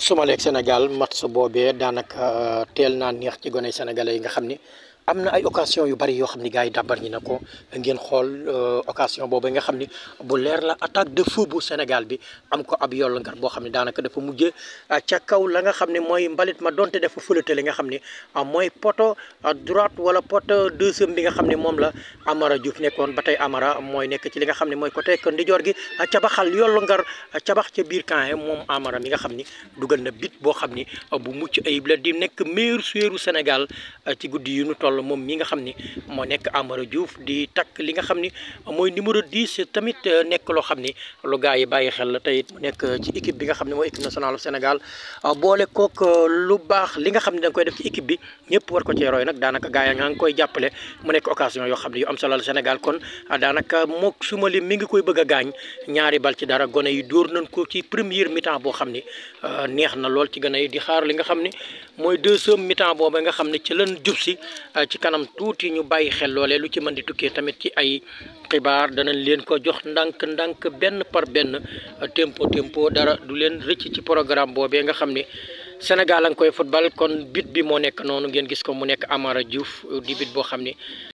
sumaleeg Sénégal match boobee daanaka teel na neex ci gone sénégalais yi nga xam ni am na ay occasion yu bari yoo xam ni gars yi dàbbar ñi na ko ngeen xool euh, occasion boobu nga xam ni bu leer la attaque de feu bu Sénégal bi am ko ab yolla ngar boo xam ne daanaka dafa mujjee euh, ca kaw la nga xam ne mooy mbalit ma donte dafa fëlate li nga xam ne euh, mooy poto droite wala poto deuxième bi nga xam ne moom la Amara Diouf nekkoon ba tey Amara mooy nekk ci li nga xam ne mooy côté ndijoor gi cabaxal yolla ngar cabax ca biir camp moom Amara mi nga xam ni dugal na bit boo xam ni bu mucc ayib di nekk meilleur joueur Sénégal ci guddi yu loolu moom mi nga xam ni moo nekk Amara Diouf di takk li nga xam ni mooy numéro 10 tamit euh, nekk loo xam ni lu gars yi bàyyi xel la tey mu nekk euh, ci équipe bi nga xam ne mooy équipe nationale Sénégal euh, boole kook lu baax li nga xam da nga koy ci équipe bi ñëpp war ko cee roy nag daanaka gars yi nga ngi koy jàppale mu nekk occasion yoo xam ne yu am solo la Sénégal kon daanaka mook suma li mi ngi koy bëgg a gaañ ñaari bal ci dara gone yi dóor nañ ko ci première mi boo xam ni neex na lool ci gone yi di xaar li nga xam ni mooy deuxième mi-temps boobu nga xam ne ci lan jub Ah, ci kanam tuuti ñu bàyyi xel loole lu ci man di tukkee tamit ci ay xibaar danañ leen ko jox ndànk ndànk benn par benn tempo tempo dara du leen rëcc ci programme boobee nga xam ne Sénégal a koy football kon bit bi moo nekk noonu ngeen gis ko mu nekk Amara Diouf di bit boo xam ne